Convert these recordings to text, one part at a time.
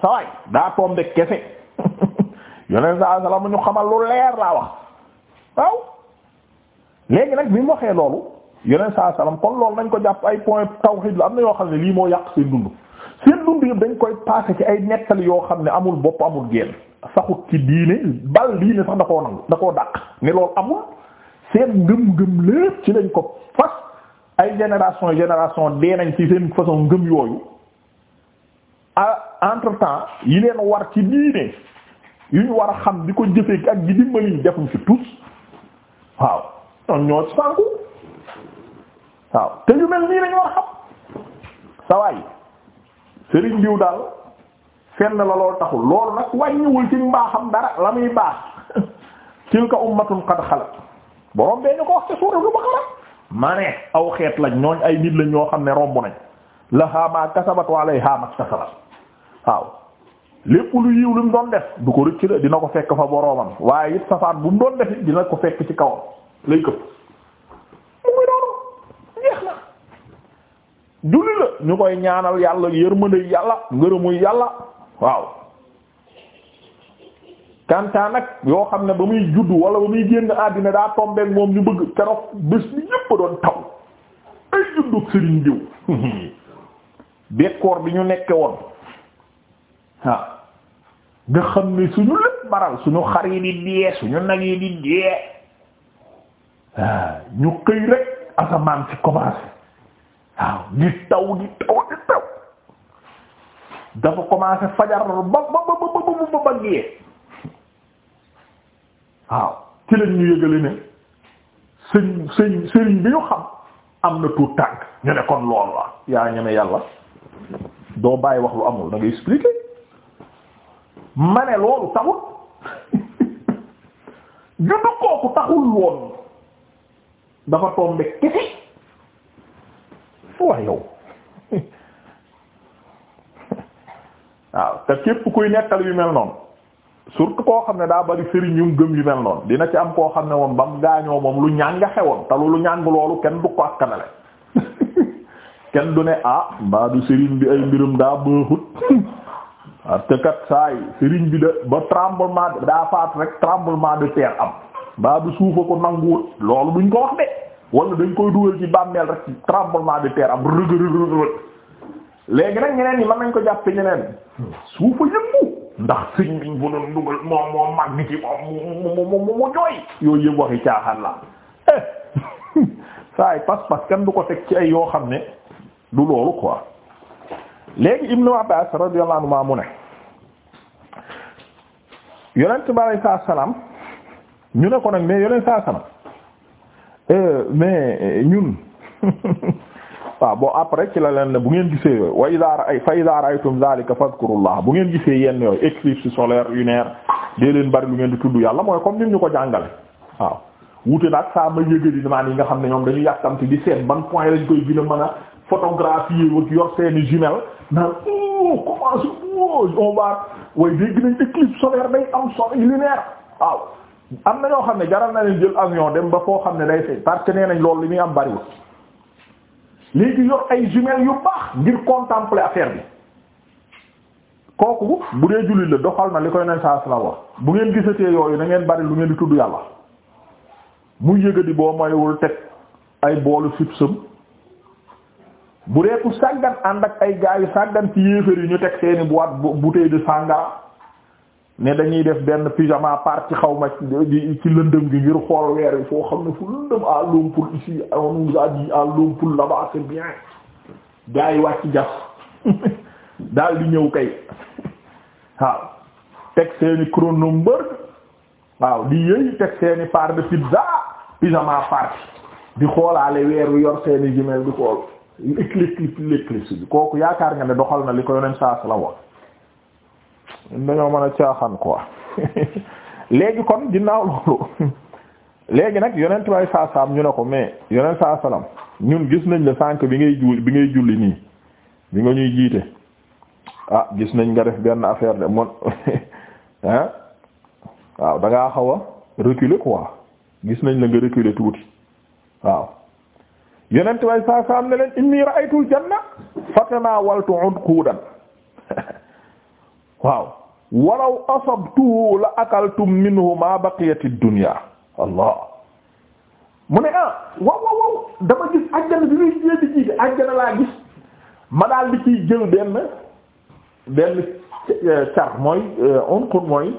saway daa tombe kese yoneen saa salaam ñu xamal lu leer laa wax waaw léegi nag bi mu waxee loolu yoneen saa salaam kon loolu nañ ko jàpp ay point tawhid la am na yoo xam ne lii moo yàq seen dund seen dund yëpp dañ koy passé ci ay nettali yoo xam ne amul bopp amul génn saxut ci diine bal diine sax da koo nangu da koo dàq ne loolu amul seen ngëm-ngëm lépp ci lañ ko fas ay génération génération dee nañ ci seen façon ngëm yooyu ah, entre temps yi leen war ci diine yu ñu war a xam di ko jëfee ak di dimbali defuñ ci tous waaw ñoom ñoo sànku waaw te yu mel nii lañu war a xam sa sëriñ diw daal fenn la loolu taxul loolu nag wàññiwul ci mbaaxam dara la muy baax tilka ummatun qad xalat borom bee ñu ko wax ci suuratul Baqara ma ne aw xeet lañ ñooñ ay nit lañ ñoo xam ne romb nañ lahaa maa kasabat wa alayhaa maa iktasabat waaw lépp lu yiw lu mu doon def du ko rëcc dina ko fekk fa boroomam waaye it safaan bu mu doon def dina ko fekk ci kawam lay këpp mu ngi doonu jeex na julli la ñu koy ñaanal yàlla yërmande yàlla ngërëmuy yàlla waaw kantaa nag yoo xam ne ba muy judd wala ba muy génn àddina daa tombeek moom ñu bëgg keroog bés bi ñépp doon taw ay juddu sëriñ bekkoor bi ñu nekkee woon waaw nga xam ne suñu lépp baral suñu xar yi di dee suñu nag yi di dee ñu xëy rek asamaan si commencé waaw di taw di taw di taw dafa commencé fajar ba ba ba ba ba ba ba waaw ci lañ ñu yëgale ne sëñ sëñ sëriñ bi ñu xam am na tout tànk ñu ne kon loolu la yaa ñeme yàlla doo bàyyi wax lu amul da ngay expliquer ma ne loolu taxul juddu kooku taxul woon dafa tombe kese waaw yow waaw te képp kuy nekkal yu mel noonu surtout koo xam ne daa bari sëriñ yum gëm yu mel noonu dina ci am koo xam ne woon ba mu gaañoo moom lu ñàng xewoon te lu ñàng loolu kenn du ko akkanale kenn du ne ah mbaa du sëriñ bi ay mbirum daa bëexut parce kat saa yi sëriñ bi da ba tremblement daa faat rek tremblement de terre am baa bi suufa ko nanguwul loolu duñ ko wax de wala dañ koy dugal ci bàmmeel rek tremblement de terre am rëg rëg léegi nag ñeneen ñi mën nañ ko jàppe ñeneen suufa yëngu ndax sëriñ biñ fa doon dugal moom moom mag ci moom mu mu jooy yooyu yëpp waxi caaxaan la eh. saa yi pas kenn du ko teg ci ay yoo xam ne du loolu quoi léegi Ibnu Abbaas radiyallahu anhuma mu ne yonent bi alayhi salaam ñu ne ko nag mais yonent saa salaam euh, mais euh, ñun waaw bon après ci la leen bu ngeen gisee yooyu wa idaa ra- fa idaa ra'aytum zaalika fadkurullah bu ngeen gisee yenn yooyu éclipse solaire lunaire dee leen bari lu ngeen di tudd yàlla mooy comme ni ñu ko jàngale waaw wute nag saa ma yëgëri naan yi nga xam ne ñoom dañu yàkkamti di seet ban point lañ koy gën mën a photographier wak yor seeni jumelle naan o commencé o on va way dégg nañ éclipse solaire day am sori lunaire waaw am na ñoo xam ne jaral na leen jël avion dem ba foo xam ne day fay parce que nee nañ loolu li muy am bariwul léegi yor ay jumelles yu baax ngir contempler affaire bi kooku bu dee jullit la doxal na li koy nen saa la bu ngeen gisatee yooyu na ngeen bari lu ngeen di tudd yàlla mu yëga di boo mayul teg ay boolu fipsam bu dee ku sàggan ànd ak ay gaa yu sàggan ci yéeféer yi ñu teg seeni boîte bouteille de sangara ne dañuy def benn pyjama party xaw ma ci lëndëm gi ngir xool weer wi foo xam ne fu lëndëm à Lompoul ici a dit à Lompoul bien gaa yi wàcc jaf daal di ñëw kay waaw teg seeni Kronenbourg waaw di yëy teg seeni part de pizza pyjama party di xoolaale weer wi yor seeni jumel di xool éclipse l'éclipse bi kooku yaakaar nga ne doxal na li ko yoneen saa la woon dañoo mën a caaxaan quoi léegi kon ginnaaw loolu léegi nag yonent bay saa saam ñu ne ko mais yonent saa salaam ñun gis nañ la sànq bi ngay julli bi ngay julli nii bi nga ñuy jiite ah gis nañ nga def benn affaire de mon hein waaw da ngaa xaw a reculer quoi gis nañ la nga reculer tuuti waaw. yonent way saa saa am ne leen inni ra'aytul janna fatanawaltu unqudan waaw walaw asabtuhu la akaltum minhu ma baqiyatid dunya allah mu ne ah waaw waaw waaw dama gis àjjana bi ñuy jéem ji àjjana laa gis ma daal di ciy jël benn benn car mooy euh, unqud mooy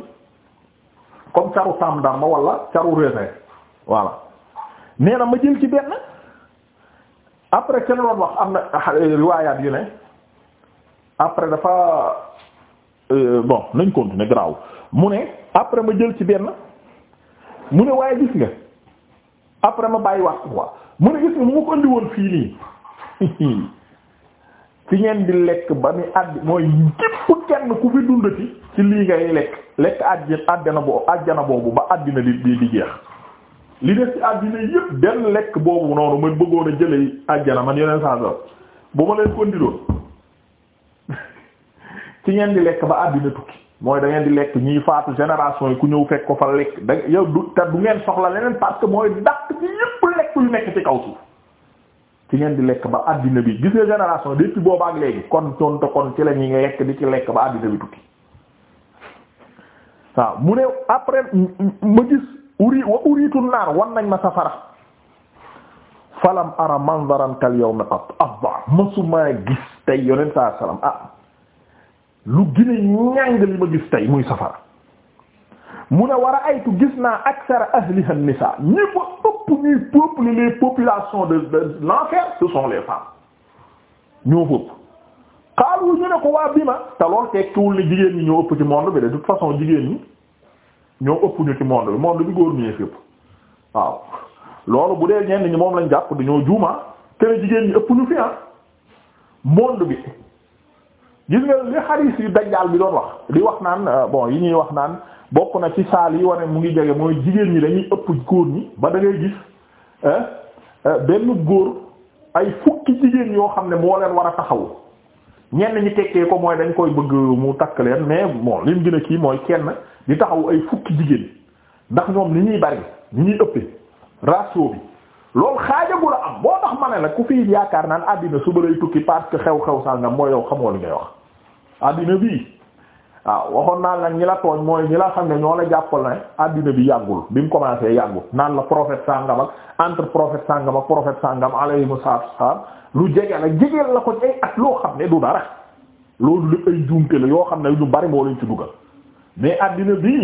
comme caru tàndarma wala caru raisin voilà nee ma jël ci benn. après kenn doon wax am na riwaayaat yu ne après dafa euh, bon nañ continuer graw mu ne après ma jël ci benn mu ne waaye gis nga après ma bàyyi wax quoi mu ne gis nga mu ma ko andi woon fii nii fi ngeen di lekk ba ni àdd mooy képp kenn ku fi dundati ci lii ngay lekk lekk àjj àddina boobu àjjana boobu ba àddina di di jeex li des ci àddina yëpp benn lekk boobu noonu man bëggoon a jëlee àjjana man yeneen saa soxla bu ma leen kondiloon ci ngeen di lekk ba àddina tukki mooy da ngeen di lekk ñiy faatu génération yi ku ñëw fekk ko fa lekk da yow du te du ngeen soxla leneen parce que mooy dàq ci yëpp lekk yu nekk ci kaw suuf ci ngeen di lekk ba àddina bi gisee génération depuis booba ak léegi kon tontu kon ci la ñuy lekk di ci lekk ba àddina bi tukki waaw mu ne après ma gis. uri wa uriitu naar nañ ma safara falam ara manzaran kal yawmi qat abba gis tey yonent saa salaam ah lu gine ñàng li ma gis tey muy safara mu ne war a aytu gis naa aksara ahliha nisaa ñi fa ëpp ñuy ñu ne ko waa bi ma te lool tekkiwul ne jigéen ñi ñoo ëpp ci monde bi de toute façon jigéen ñi ñoo ëpp ñu ci monde bi monde bi góor ñee fépp waaw loolu bu dee ñenn ñi moom lañ jàpp dañoo juuma kër jigéen ñi ëpp ñu fi ah monde bi gis nga li xaris yu dajjaal bi doon wax li wax naan euh, bon yi ñuy wax naan bokk na ci saal yi wane mu ngi jege mooy jigéen ñi dañuy ëpp góor ñi ba da ngay gis euh, benn góor ay fukki jigéen yoo xam ne moo leen war a taxawu ñenn ñi tekkee ko mooy dañ koy bëgg mu takk leen mais bon lim gën a kii mooy kenn. di taxaw ay fukki jigéen ndax ñoom ni ñuy bari ni ñuy ëppee ratio bi loolu xaajagu am boo tax ma ne la ku fi yaakaar naan àddina su suba lay tukki parce que xew-xew sàngam mooy yow xamoo li ngay wax àddina bii waaw waxoon naan la ñi la tooñ mooy ñi la xam ne ñoo la jàppal ne àddina bi yàggul bi mu commencé yàggul naan la profet sàngam ak entre prophète sàngam ak prophète sàngam alayhimu salaam lu jege la jegeel la ko ay at loo xam ne du dara loolu lépp la yoo xam ne ñu bari moo leen ci dugal mais addina bi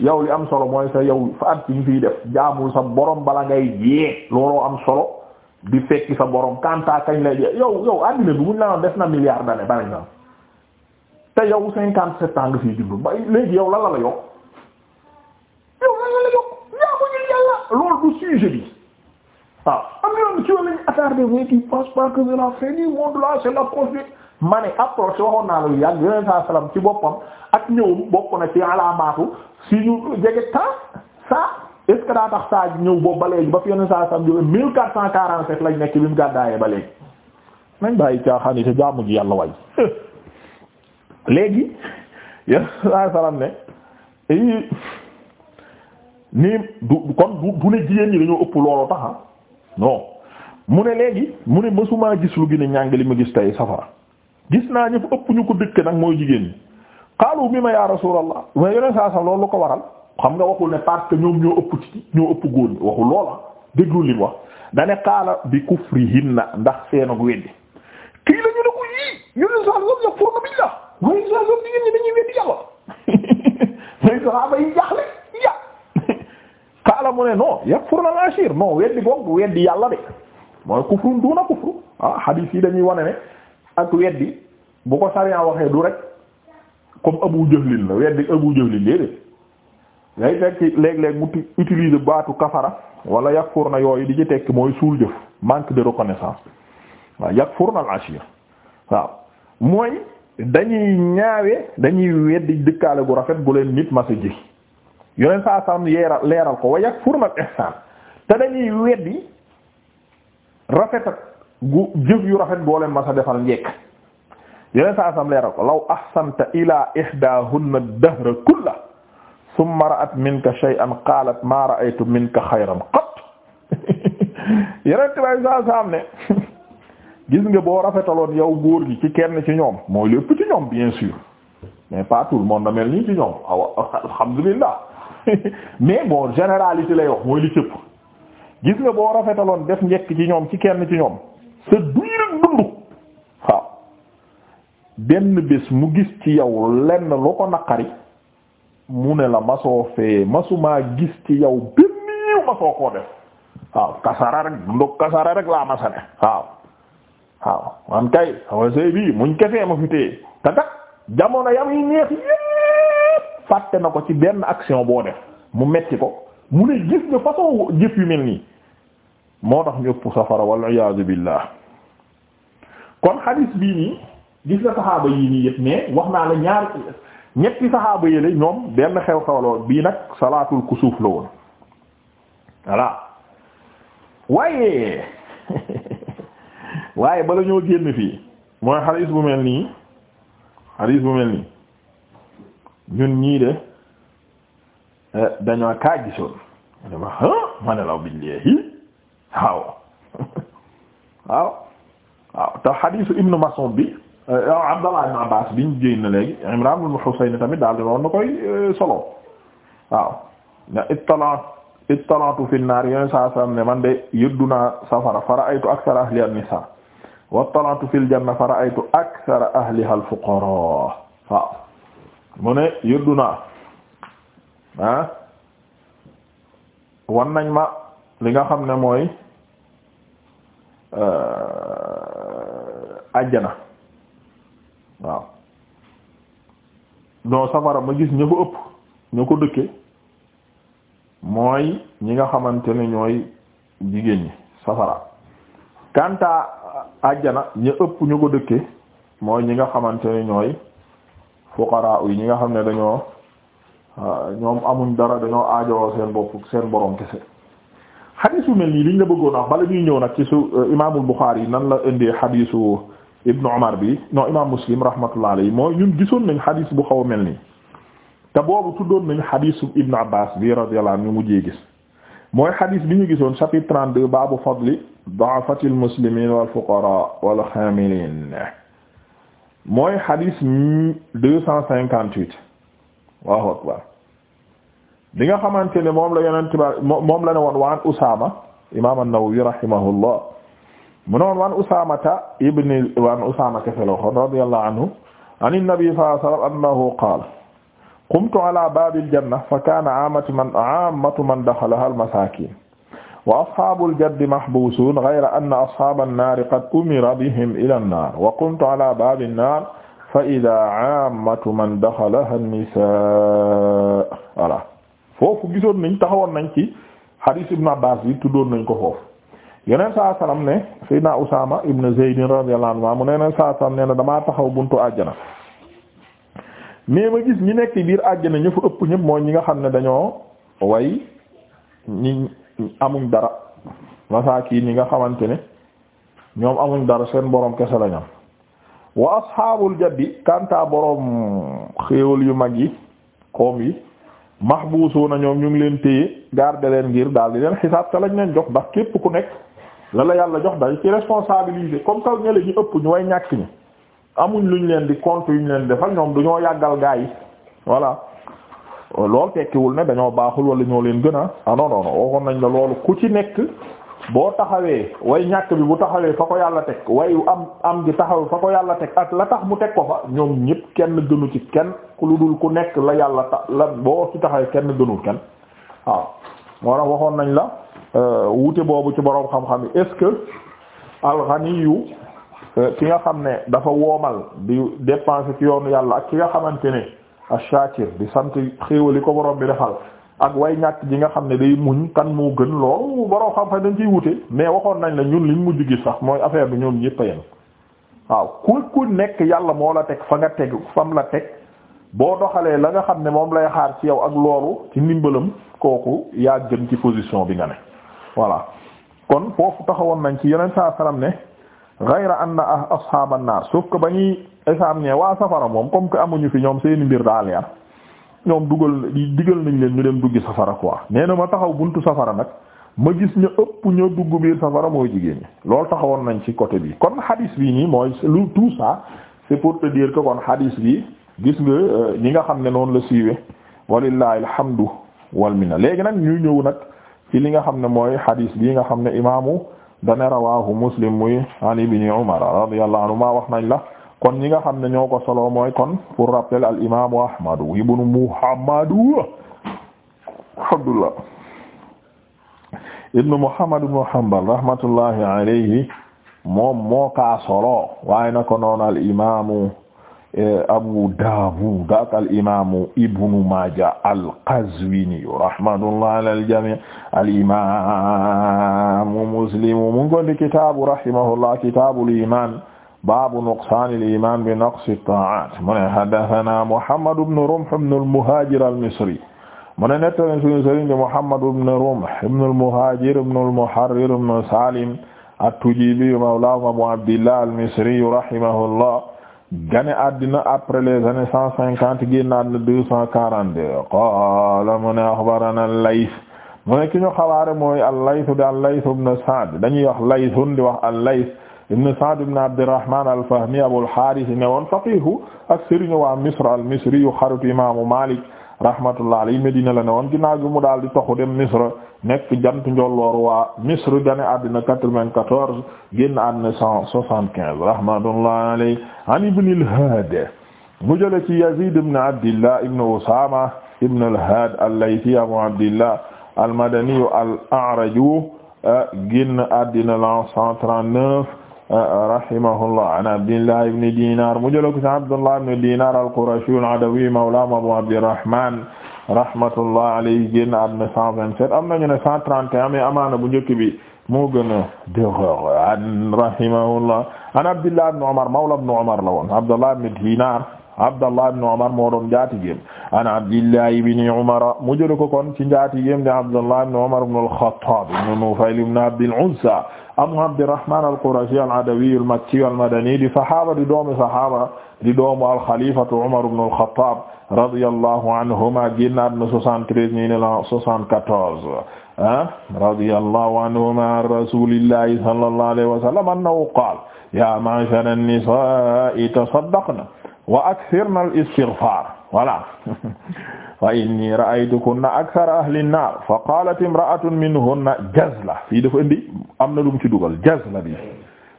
yow li am solo mooy sa yow fa at bi ñu fiy def jaamul sa borom bala ngay yee looloo am solo di fekki sa boroom kanta kañ lay jeex yow yow addina bi buñ la def na milliard d'années bari na te yow cinquante sept ans nga fiy dund ba léegi yow lan la la yokk yow lan ko ñu yàlla loolu du sujet bi waaw am na yoon ci wàllu attardé mais tu penses pas que c'est la fin du monde là la cause ma ne approche waxoon naa la yu yoneen saa salaam ci boppam ak ñëwum bokk na ci alaamaatu si ñu jege temps saa est daa tax saa ñëw boobu ba léegi ba fi yoneen saa salaam jóge mille quatre cent quarante-sept lañ nekk bi mu gàddaayee ba léegi nañ bàyyi caaxaan te jaamu ji yàlla way léegi yoneen saa salaam ne eh, nii du kon du du ne jigéen ñi dañoo ëpp looloo tax ah, non mu ne léegi mu ne mësumaa gis lu gën a ñàng li ma gis tey safara gis naa ñu ëpp ñu ko dëkk nag mooy jigéen ñi xaalu mi ma yaa rasulallah mais yeneen saa sax loolu lu ko waral xam nga waxul ne parce que ñoom ñoo ëpp ci ëpp góor ñi waxul loola déglu li mu wax dane xaala bi kufrihinna ndax seenog weddi kii la ne ko yii yeneen saa sax la furna biñ la waaye saa jigéen ñi dañuy weddi yàlla mooy saxaaba yi jaxle ya xaala mu ne non yag furna al-ashir non weddi goog weddi yàlla de mooy kufrun duna kufru ah hadith yi dañuy wane ak weddi bu ko sariya waxee du rek comme Abu Jahlin la weddi Abu Jahlin déedéet day tekki léeg-léeg mu utiliser baatu kafara wala yakfur na yooyu di ci tekki mooy suul jëf manque de reconnaissance waaw yakfur na al ashir waaw mooy dañuy ñaawe dañuy weddi dëkkaale gu rafet gu leen nit ma sa ji yoneen saa sam leeral ko wa yakfur na al te dañuy weddi rafet gu jëf yu rafet boo leen masa defal njekk yeneen sa asam leeral ko law ahsanta ila ihdahunna dahra kulla thumma ra'at minka shay'an qalat nga boo rafetaloon yow góor gi ci kenn ci ñoom mooy lépp ci ñoom bien sûr mais pas tout le monde mel nii ci ñoom alhamdulillah mais bon généralité lay wax mooy li cëpp gis nga boo rafetaloon def njekk ci ñoom ci kenn ci ñoom sa duir ak dund waaw benn bés mu gis ci yow lenn lu ko naqari mu ne la masoo fee masumaa gis ci yow benn yiw masoo koo def waaw kasara rek dundu kasara rek laa masane waaw waaw man kay sama sëy bii muñ kesee ma fi te kat jamono yam yi neex yépp fàtte na ko ci benn action boo def mu metti ko mu ne gis nga façon jëf yu mel nii moo tax ñu ëpp safara wal iyaazu billah kon hadis bii nii gis la saxaaba yii nii yëpp mais wax naa la ñaar ñetti saxaaba yi ñoom benn xew xewaloon bii nag salaatul kusuuf la woon waaye waaye bala ñoo génn fii mooy hadis bu mel nii hadis bu mel nii ñun ñii de eh, dañoo kaa gisoon ma ne la billahi waaw waaw waaw te xadiisu ibnu Mas'ud bi euh, Abdallah ibn Abbas biñ génn léegi Imran ibn Husayn tamit daal di woon na koy euh, solo waaw na ittala ittalatu fi naar yoneen saa sallam ne man de yëddu safara fa ra'aytu akthara ahliha an wa ittalatu fil janna fa ra'aytu akthara ahliha al waaw mu ne yëddu naa ah? ma li nga xam ne mooy Euh, àjjana waaw non safara ma gis ña ko ëpp ña ko dëkke mooy ñi nga xamante ne ñooy jigéen ñi safara kanta àjjana ña ëpp ñu ko dëkke mooy ñi nga xamante ne ñooy fuqaraa yi ñi nga xam ne dañoo ah, ñoom amuñ dara dañoo aajowoo seen bopp seen borom kese xadisu mel nii liñ la bëggoon wax bala ñuy ñëw nag ci su euh, imaamul Buxaari nan la indee xadisu Ibnu Umar bi non imaam Muslim rahmatullahi alayhi mooy ñun gisoon nañ xadis bu xaw a mel nii te boobu tuddoon nañ xadisu Ibnu Abbaas bi radiyallahu anhu ñu mujjee gis mooy xadis bi ñu gisoon chapitre 32 baabu fadli da'afatil muslimiin wal fuqaraa wal xaamiliin mooy xadis 258 waaw waaw bi nga xamante ne moom la yonent ba moom la ne woon waan Usaama imaam an-Nawawi rahimahullah mu ne woon waan Usaamata ibni waan Usaama kese la waxoon radiyallahu anhu an an-nabi sallallahu alayhi wa sallam annahu qaala qumtu ala baabil janna fa kaana aamatu man aammatu man daxalaha al-masaakiin wa ashaabul jaddi mahbuusuun ghayra anna ashaaban naari qad umira bihim ila an-naar wa qumtu ala baabin naar fa idaa aammatu man daxalaha an-nisaa' foofu gisoon nañ taxawoon nañ ci hadith ibn Abbas bi tuddoon nañ ko foofu yeneen saa salaam ne na Usaama ibn Zayd radiyallahu anhu mu ne yeneen ne na damaa taxaw buntu àjjana mais ma gis ñi nekk biir àjjana ñu ëpp ñëpp mooy ñi nga xam ne dañoo way ñi amuñ dara masaakiin ñi nga xamante ne ñoom amuñ dara seen borom kese lañ am wa ashaabul kanta borom xéewal yu mag yi koom yi. na ñoom ñu ngi leen téye garder leen ngir daal di leen xisaab te lañ leen jox ndax képp ku nekk la la yàlla jox dañ ci responsabilisé comme taw ñële ñu ëpp ñu way ñàkk ñi amuñ ñu leen di compte yuñ leen defal ñoom dañoo yàggal gaa yi voilà lool tekkiwul ne dañoo baaxul wala ñoo leen gën a ah non non la loolu ku ci nekk boo taxawee way ñàkk bi bu taxawee fa ko yàlla teg wayu am am gi taxaw fa ko yàlla teg ak la tax mu teg ko fa ñoom ñëpp kenn gënu ci kenn ku lu dul ku nekk la yàlla ta la boo ci taxawee kenn gënul kenn waaw moo tax waxoon nañ la euh, wuute boobu ci boroom xam-xam yi est-ce que alxaniyu euh, ki nga xam ne dafa woomal di dépenser ci yoonu yàlla ak ki nga xamante ne ashakir di sant xéewal yi ko boroom bi defal ak way ñàkk ji nga xam ne day muñ kan moo gën loolu baroo xam fa dañ ciy wute mais waxoon nañ la ñun liñ mujj gi sax mooy affaire bi ñoom yëpp a yem waaw ku ku nekk yàlla moo la teg fa nga teg fam la teg boo doxalee la nga xam ne moom lay xaar ci yow ak loolu ci ndimbalam kooku yaa gën ci position bi nga ne voilà kon foofu taxawoon nañ ci yeneen saa salam ne ghayra anna ashaban nar sauf que ba ñuy échantillon waa safara moom comme que amuñu fi ñoom seeni mbir daa leer ñoom dugal digal nañ leen ñu dem duggi safara quoi nee na ma taxaw buntu safara nag ma gis ñu ëpp ñoo dugg biir safara mooy jigéen ñi loolu taxawoon nañ ci côté bi kon hadis bi nii mooy lu tout ça c'est pour te dire que kon hadis bi gis nga euh, ñi nga xam ne noonu la siiwee walillahi alhamdu wal minna léegi nag ñu ñëw nag ci li nga xam ne mooy hadis bi nga xam ne imaamu dana rawahu muslim muy an ibni umar radiyallahu anhu maa wax nañ la kon ñi nga xam ne ñoo ko solo mooy kon pour rappel al imaamu ahmadu ibnu muhammadu abdullah ibnu muhammad ibnu hanbal rahmatullahi alayhi moom moo ka solo waaye na ko noon al imaamu eh, abu daawud ak al imaamu ibnu maaja al qazwini rahmatullahi ala al jamii al imaamu muslim mu ngi ko di kitaabu rahimahullah kitaabul iimaan baabu nuqsaani al-iimaan bi naqsi at-taa'aat mu ne haddasanaa Muhammad ibn Rumh ibn al-Muhaajir al-Misri mu ne nettali sunu sëriñ bi Muhammad ibn Rumh ibn al-Muhaajir ibn al-Muharrir ibn Saalim at-Tujiibi mawlaahum Abu Abdillah al-Misri rahimahullah gane àddina après les années cent cinquante génn àddina deux cent quarante-deux qaala mu ne axbaranaa al-Layth mu ne ki ñu xabaare mooy al-Layth di al-Layth ibn Sa'd dañuy wax Laythun di wax al-Layth ibn Sa'd ibn Abdurrahman al-Fahmi Abul Harith ne woon faqihu ak sëriñu waa Misr al-Misri yu xaritu imaamu Malik rahmatullah alayhi Medina la ne woon ginnaaw bi mu daal di toxu dem Misr nekk jant njolloor waa Misr gane àddina quatre-vingt-quatorze génn àddina cent soixante-quinze rahmatullah alayhi an ibn al-Had mu jële ci Yazid ibn Abdillah ibn Usama ibn al-Had al-Laythi Abu Abdillah al-Madani al-A'raj génn àddina la cent trente-neuf rahimahullah an abdillah ibn dinar mu jëla ko ci abdullah ibn dinar al-qurashi al-adawi mawlaahum abu abdirrahman rahmatullah alayhi génn àddina 127 am nañu ne 131 mais amaana bu njëkk bi moo gën a dëgër an rahimahullah an abdillah ibn umar mawla ibn umar la woon abdullah ibn dinar Abdallah ibn Umar moo doon njaatigéem an Abdillah ibn Umar mu jël ko kon ci njaatigéem ne Abdallah ibn Umar ibn al-Khattab ibn Nufayl ibn Abd al-Unsa Abu Abdirrahman al-Qurashi al-Adawi al-Makki al-Madani di saxaaba di doomu saxaaba di doomu al-Khalifatu Umar ibn al-Khattab radiyallahu anhuma génnaat na 73 ñu ne la 74 ah radiyallahu anhuma an rasulillahi sallallahu alayhi wa sallam annahu qaala ya ma'shara an-nisaa tasaddaqna wa aksirna al istighfar voilà fa inni ra'aytukunna akthara ahli an-nar fa qalat imra'atun minhunna jazla fii dafa indi am na lu mu ci dugal jazla bi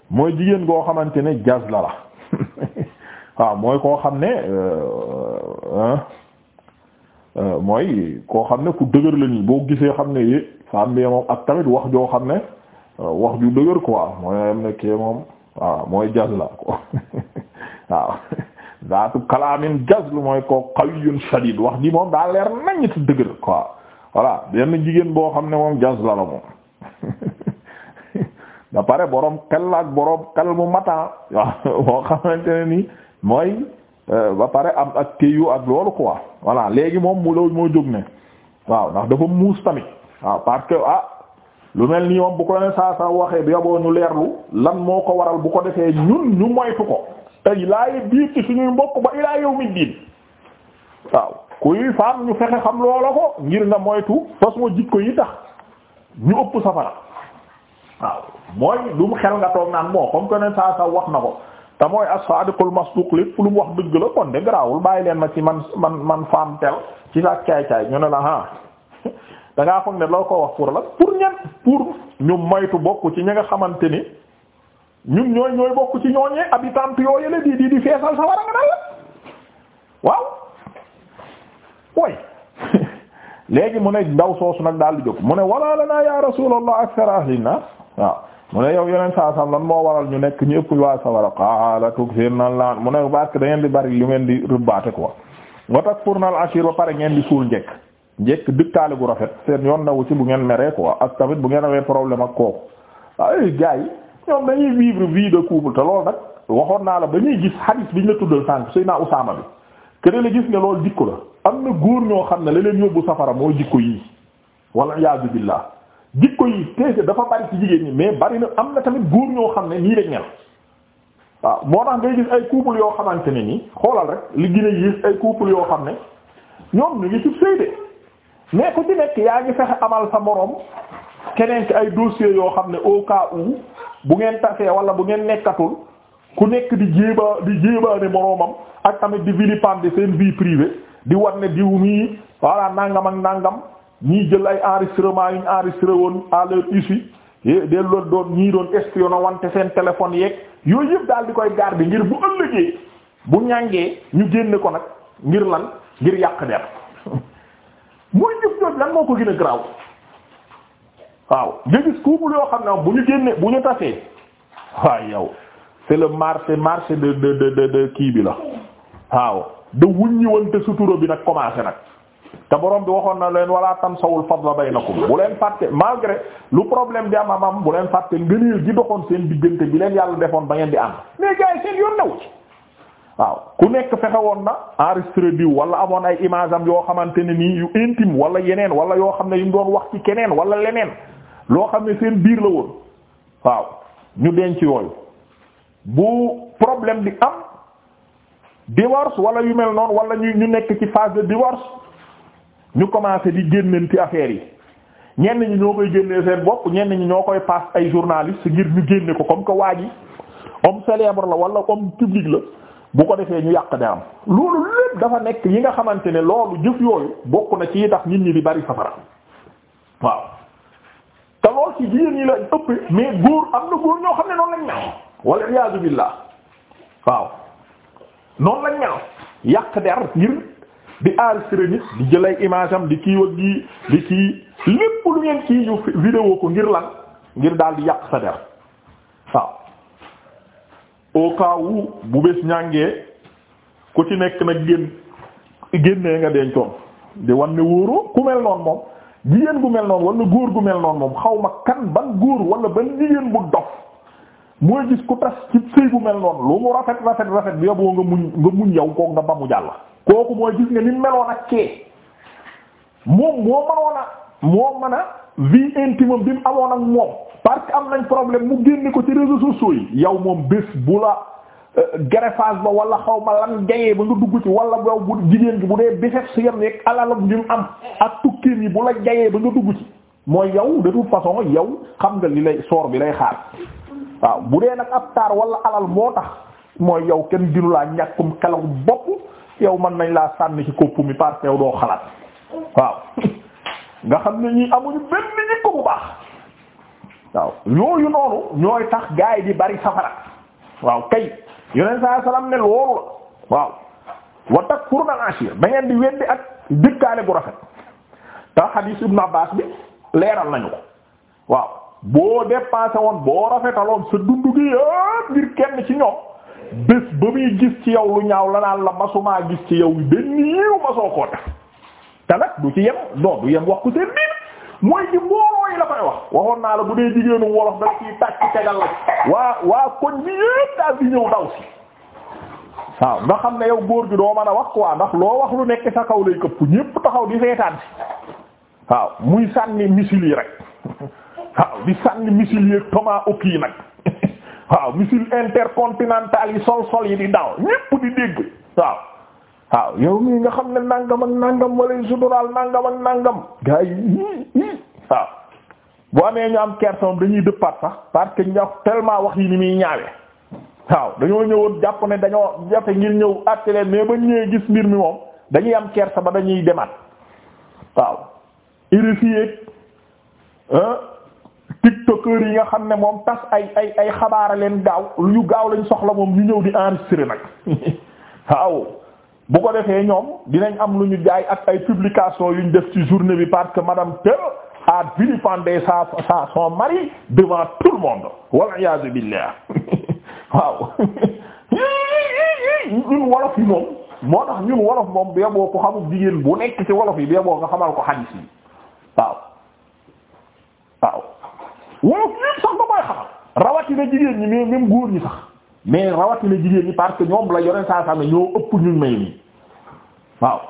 mooy jigéen goo xamante ne jazla la waaw mooy koo xam ne euh, euh, mooy koo xam ne ku dëgër la boo gisee xam ne yi eh, femme bi moom ak tamit wax joo xam ne euh, wax ju dëgër quoi mooy am na moom waaw mooy jazla ko waaw zaatu kalaamin jazl mooy ko qawiyyun shadiid wax ji moom daa leer nañ ci dëgër quoi voilà benn jigéen boo xam ne moom jazl la moom da pare borom xel ak borom xel mu matan waaw boo xamante ne ni mooy euh, ba pare am ak téyu ak loolu quoi voilà léegi moom mu loolu moo jóg ne waaw ndax dafa muus tamit waaw parce que ah lu mel ni moom bu ko ne saa saa waxee bi yoboo ñu leerlu lan moo ko waral bu ko defee ñun ñu moytu ko tey laayi biir ci suñuy mbokk ba ilaa yawmi diin waaw kuy faam ñu fexe xam loola ko ngir nga moytu façon ko yi tax ñu ëpp safara waaw mooy lu mu xel nga toog naan moo comme que ne saa sa wax na ko te mooy as-sadiqul masduq lépp lu mu wax dëgg la kon de garaawul bàyyi leen ma ci man man man faam tel ci sa caay caay ñu ne la ah da foog ne loo ko wax pour la pour ñan pour ñu moytu bokk ci ñi nga xamante ni. ñun ñooy ñooy bokk ci ñooñee habitante yooyu la di di di feesal sawara nga dal waaw way léegi mu ne ndaw soosu nag daal di jóg mu ne wala lana ya rasulallah akthara ahlina waaw mu ne yow yeneen saa lan moo waral ñu nekk ñu ëpp waa sawara qaala tukfirna lan mu ne barke da ngeen di bari lu ngeen di rëbbaate quoi wa takfurna al ashir ba pare ngeen di suul njekk njekk dëkkaale gu rafet seen yoon nawu ci bu ngeen meree ko ak tamit bu ngeen awee problème ak ñoom dañuy vivre vie de couple te loolu nag waxoon naa la ba ñuy gis hadith bi ñu la tuddal sànq suy naa Usaama bi kër la gis nga loolu jikko la am na góor ñoo xam ne la leen yóbbu safara mooy jikko yi walla iyaazu billaah jikko yi tey dafa bari ci jigéen ñi mais bari na am na tamit góor ñoo xam ne nii lañ mel waaw moo tax ngay gis ay couple yoo xamante ne nii xoolal rek li gën a gis ay couple yoo xam ne ñoom ñu ngi ci sëy de mais ku ci nekk yaa ngi fexe amal sa moroom keneen ki ay dossier yoo xam ne au bu ngeen tasee wala bu ngeen nekkatul ku nekk di jéebaa di jéebaane moroomam ak tamit di vilipender seen vie privée di war ne diw mii voilà nangam ak nangam ñii jël ay enregistrement yu ñu enregistré woon à l'heure issue del loolu doon ñii doon espionné wante seen téléphone yeeg yooyu yëpp daal di koy bi ngir bu ëllëgee bu ñàngee ñu génne ko nag ngir lan ngir yàq der mooy jëf jooju lan moo ko gën a garaaw waaw nga gis couple yoo xam ne bu ñu génnee bu ñu tasee waaye yow c'est le marché marché de de de kii bi la waaw de wuññi wante sutura bi nag commencé nag te borom bi waxoon na leen wala tansawul fadla baynakum bu leen fàtte malgré lu problème di am am am bu leen fàtte ngëneel gi doxoon seen diggante bi leen yàlla defoon ba ngeen di am mais gars yi seen yoon newu waaw ku nekk fexe woon na enregistré diw wala amoon ay image am yoo xamante ne nii yu intime wala yeneen wala yoo xam ne yu mu doon wax ci keneen wala leneen loo xam ne seen biir la woon waaw ñu denc yooyu bu problème di am divorce wala yu mel noonu wala ñu ñu nekk ci phase de divorce ñu commencé di génnanti affaires yi ñenn ñi ñoo koy génnee seen bopp ñenn ñi ñoo koy passe ay journalistes ngir ñu génne ko comme que waa ji homme célèbre la wala om public la. bu ko defee ñu yàq deram loolu lépp dafa nekk yi nga xamante ne loolu jëf yooyu bokk na ci tax nit ñi di bari safara waaw te lool ci jigéen ñi la ëpp mais góor am na góor ñoo xam ne noon lañ mel walla iyaazu billaah waaw noonu lañ mel yàq der ngir di enregistré nit di jëlay image di kii wag gi di kii lépp lu ngeen kii ñu vidéo ko ngir lan ngir daal di yàq sa der waaw au cas où bu bés ñàngee ku ci nekk nag génn génnee nga dencoon di wan ne wóoroo ku mel noonu moom jigéen gu mel noonu wala góor gu mel noonu moom xaw ma kan ba góor wala ban jigéen bu dof mooy gis ku tas ci sëy bu mel noonu lu mu rafet rafet rafet bi yoboo nga muñ nga muñ yow kook nga ba mu jàll kooku mooy gis nga ni meloon ak kee moom moo mënoon moo mën a vie bi mu amoon ak moom parce que am nañ problème mu génne ko ci réseaux sociaux yi yow moom bés bu la euh, greffage ba wala xaw ma lan gayee ba nga dugg ci wala yow bu jigéen gi bu dee bésef si yam alal alalam ñu am ak tukkiin yi bu la gayee ba nga dugg ci mooy yow de toute façon yow xam nga li lay soor bi lay xaar waaw bu dee nag ab taar wala alal moo tax mooy yow kenn ginu laa ñàkkum xelaw bopp yow mën nañ laa sànni ci kopp mi parce nga xam ne ñi amuñu benn ñi ko bu waaw yooyu noonu ñooy tax gaay di bari safara waaw kay yonent saa salaam ne loolu la waaw wa takfurna al-ashir ba di weddi ak dëkkaale bu rafet te hadith Ibn baax bi leeral nañu ko waaw boo dépensé woon boo rafetaloon sa dund gi yëpp ngir kenn ci ñoom bés ba muy gis ci yow lu ñaaw la naan la masumaa gis ci yow benn yiw masoo koo def te nag du ci yem non du yem wax ko seen biir mooy ci mbooloo yi la koy wax waxoon naa la bu dee jigéenu wolof da ciy tàcc tegal la waa waa koñ bi yépp daal di ñëw daw si waaw nga xam ne yow góor gi doo mën a wax quoi ndax loo wax lu nekk sa kaw lay këpp ñépp taxaw di seetaan si waaw muy sànni missile yi rek waaw di sànni missile yi ak tomahawk yi nag waaw missile intercontinental yi sol sol yi di daw ñépp di dégg waaw waaw yow mii nga xam ne nangam ak nangam ma lay suturaal nangam ak nangam gaa yi waaw boo amee ñu am kersoom dañuy dëppaat sax parce que ñax tellement wax yi ni muy ñaawee waaw dañoo ñëwoon jàpp ne dañoo jafe ngir ñëw attelé mais ba ñëwee gis mbir mi moom dañuy am kersa ba dañuy demaat waaw irrifiyé tiktokeur yi nga xam ne moom tas ay ay ay xabaara leen gaaw yu gaaw lañ soxla moom ñu ñëw di enregistrer nag waaw bu ko defee ñoom dinañ am lu ñu jaay ak ay publication yu ñu def ci journée bi parce que madame Thiel a vilipendé sa sa son mari devant tout le monde wal iyaazu billah waaw ñun wolof yi moom moo tax ñun wolof moom bee boo ko xamul jigéen bu nekk ci wolof yi bee boo nga xamal ko xadiis yi waaw waaw wolof yépp sax ba mooy xamal rawatina jigéen ñi mais même góor ñi sax mais rawatina jigéen ñi parce que ñoom la yoneen saa saa ñoo ëpp ñun may waaw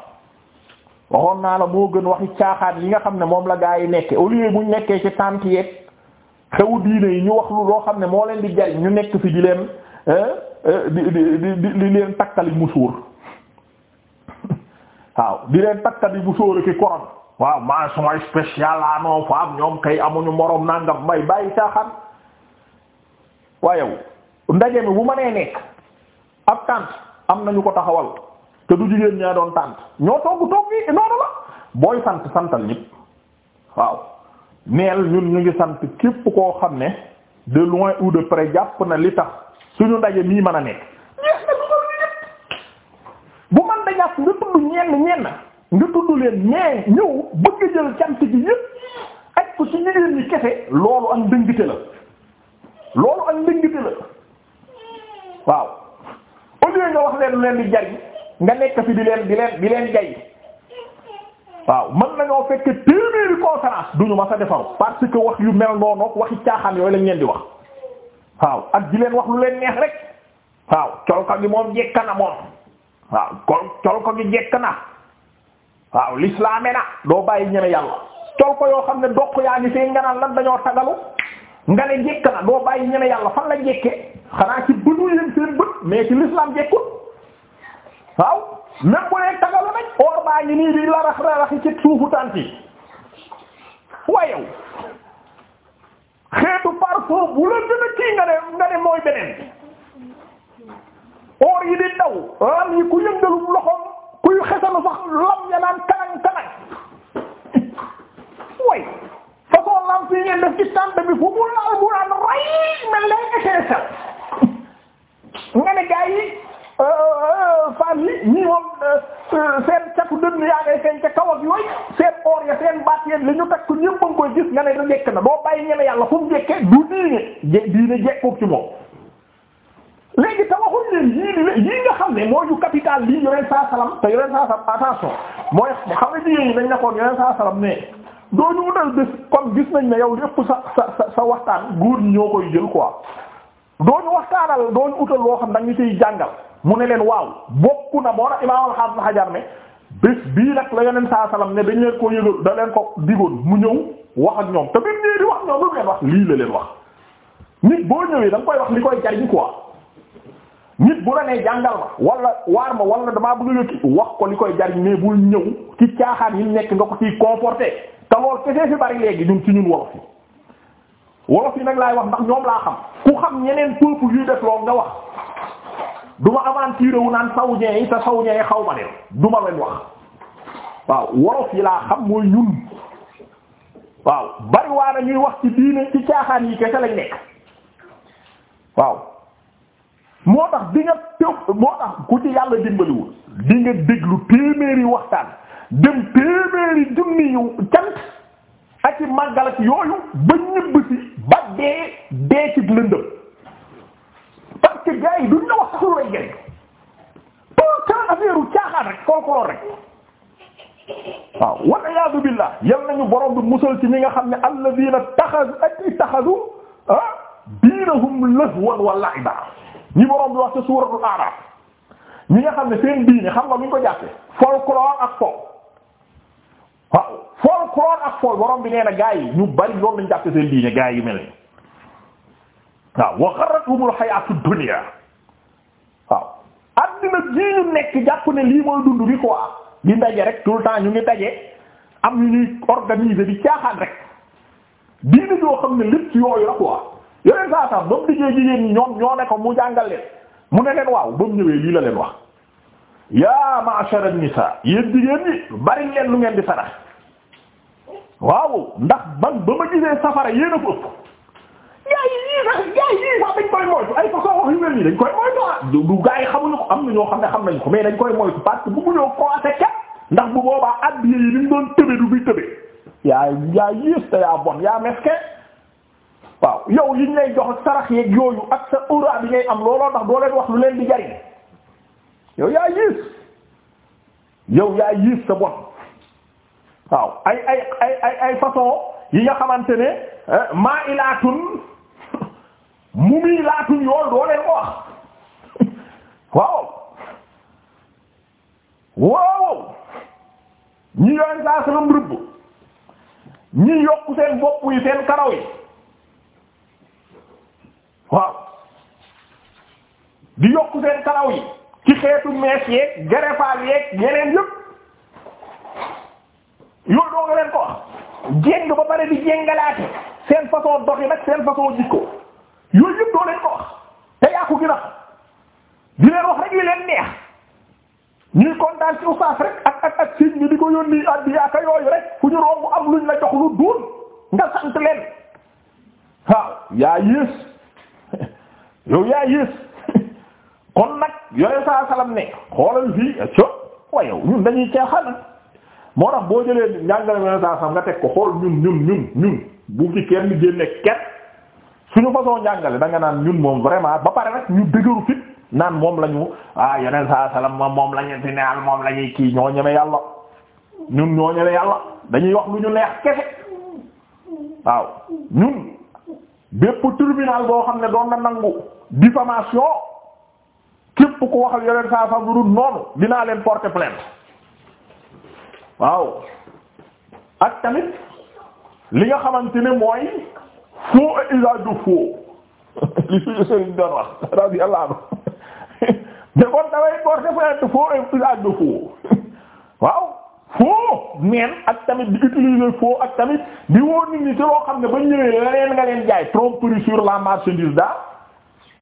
waxoon naa la moo gën waxi caaxaan li nga xam ne moom la gaa yi nekke au lieu buñ nekkee ci tànt yeeg xewu diine yi ñu wax lu loo xam ne moo leen di jariñ ñu nekk fi di leen eh, eh, di leen di leen takkali musuur waaw di leen takkali musuur ki korom waaw mention spéciale à nos femmes ñoom kay amuñu moroom nangam may bàyyi caaxaan waaye yow ndaje mi bu ma nee nekk ab tànt am na ñu ko taxawal te du jigéen ñaa doon tànt ñoo togg togg noonu la booy sant santal ñépp waaw neel ñun ñu ngi sant képp koo xam ne de loin ou de près jàpp na li tax suñu ndaje mii mën a nekk bu man da jàpp nga tudd ñenn ñenn nga tudd leen mais ñëw bëgg jël cant gi ñépp ak ko ci jigéen ñi kese loolu ak ndëngite la loolu ak ndëngite la waaw au lieu nga wax leen leen di jariñ nga nekk fi di leen bi leen di leen jay waaw mën nañoo fekk téeméeri conférence duñu ma sa defaru parce que wax yu mel noonu waxi caaxaan yooyu lañ leen di wax waaw ak di leen wax lu leen neex rek waaw col ko gi moom jekka na moom waaw col gi jekk na waaw lislaame na doo bàyyi ñeme yàlla col ko yoo xam ne doq yaa ngi fee nganal lan dañoo tagalu nga ne jekk na doo bàyyi ñeme yàlla fan la jekke xanaa ci bënu yéen seen bët mais ci l'islam waaw même bu dee tagalu nañ or baa ngi nii di la rax la ci suufu tànt yi waaye yow xeetu parfum bu la gën kii nga ne nga ne mooy beneen or yi di daw lam yi ku yëngalum loxoom kuy xesanu sax lam ya naan kanang kanang way façon lam fii ngeen def ci tànt bi fu mu laal bu naan ray mel lay étincelle nga ne gaa fan yi ñii moom euh, seen catu dënn yaa ngay seen ca kaw ak yooyu seen or ya seen baat li ñu takk ñëpp a ngi koy gis nga ne da jekk na doo bàyyi ñeme yàlla fu mu jekke du diine diine jekkoog ci moom léegi te waxuñ leen yii nga xam ne mooy yu capital lii yoneen saa salam te yoneen saa salam attention mooy xam nga jigéen ñi dañ nekkoon yoneen saa salam ne doo ñu wutal bés comme gis nañ ne yow lépp sa sa sa waxtaan góor ñoo koy jël quoi doo dooñu waxtaanal dooñu utal loo xam ñu ciy jàngal mu ne leen waaw bokku na moo tax imaam al-Hafiz Hajar ne bés bii nag la yoneen saa salaam ne dañu leen ko yëgal da leen ko digoon mu ñëw wax ak ñoom te biñ ñëwee di wax ñoom lu leen wax lii la leen wax. nit boo ñëwee da koy wax li koy jariñ quoi nit bu la nee jàngal ma wala waar ma wala damaa bëgg a wax ko li koy jariñ mais bul ñëw ci caaxaan yi nekk nga ko ciy comporté te loolu kese fi bari léegi ñun ci ñun wolof wolof yi nag laay wax ndax ñoom laa xam ku xam ñeneen peuple yuy def loolu nga wax du ma aventure wu naan saoudien yi te saoudien yi xaw ma leen du ma leen wax waaw wolof yi laa xam mooy ñun waaw bari waa na ñuy wax ci diine ci caaxaan yi kese lañ nekk waaw moo tax di nga tëb moo tax ku ci yàlla dimbaliwul di nga déglu téeméeri waxtaan dem téeméeri junni yu cant ak ci màggal ak yooyu ba ñëbb si ba dee dee ci lëndëm parce que duñ la wax sax lu lay jëriñ rek waaw wal iyaadu billah yal nañu borom bi musal ci ñi nga xam ne alladina taxadu ak taxadu ah diinahum lahwan wa la'iba ñi borom bi wax ci suuratul ñi nga xam ne seen diine xam nga luñ ko jàppee folklore ak fo. folklore ak fol borom bi nee na gaa yi ñu bari loolu lañ jàppe seen diine gaa yi mel ni waaw wa gharratuhumul hayatud dunya waaw addina jii ñu nekk jàpp ne lii mooy dund bi quoi di ndaje rek tout le temps ñu ngi daje am ñu ñuy organiser di caaxaan rek diine yoo xam ne lépp ci yooyu la quoi yeneen saa sax ba mu diggee jigéen ñoom ñoo ko mu jàngal leen mu ne leen waaw ba mu ñëwee lii la leen wax yaa ma'shara an-nisaa yéen jigéen ñi bari leen lu ngeen di sarax waaw ndax man ba ma safara yéen a ko ëpp gaa yi yii sax gaa dañ koy moytu ay façon wax yu mel nii dañ koy moytu ah. du du gaa yi xamuñu ko am na ñoo xam ne xam nañ ko mais dañ koy moytu parce que bu mu ñoo croisé ndax bu boobaa addi yi ni mu doon tëbe du bi tëbe yaa yaa yées ta yaa bon yaa meske waaw yow yiñ lay jox ak sarax yeeg yooyu ak sa aura bi ngay am looloo tax doo leen wax lu leen di jariñ yow yaa yées yow yaa yées sa bon waaw ay ay ay ay façon yi nga xamante ne eh, maa ilaatun mu mii laatun yool doo leen ko wax waaw waaw ñi yooyu saa salam rëbb ñi yokku seen bopp yi seen karaw yi waaw di yokku seen karaw yi ci xeetu mees yeeg gerefaal yeeg yeneen yëpp yooyu doo nga leen ko wax jéng ba pare di jéngalaate seen façon doxi nag seen façon jikko yooyu yëpp doo leen ko wax te yaa ko gën a di leen wax rek li leen neex ñuy kontaan ci oustaz ko yónni addiya ak yooyu rek fu ñu romb am luñ la jox lu duun nga sant leen waaw yaa yées yow yaa yées kon nag yore saa salam ne xoolal fii aco wa yow ñun dañuy caaxaan moo tax boo jëlee njàngale ma saa sax nga teg ko xool ñun ñun ñun ñun bu ci kenn génne ket suñu façon njàngale da nga naan ñun moom vraiment ba pare rek ñu dëgëru fit naan moom la ñu ah yeneen saa salaam moom moom la moom la ñuy kii ñoo ñeme yàlla ñun ñoo ñeme yàlla dañuy wax lu ñu neex kese waaw ñun bépp tribunal boo xam ne doon na nangu diffamation képp ku waxal yeneen saa sax bu dul noonu dinaa leen porter plainte. waaw ak tamit li nga xamante ne mooy faux et usage de faux li suñu sëriñ doon wax radiyallahu anhu mais kon daway porter plainte faux et usage de faux waaw faux neen ak tamit di utiliser faux ak tamit di woo nit ñi loo xam ne ba ñëwee leneen nga leen jaay tromperie sur la marchandise da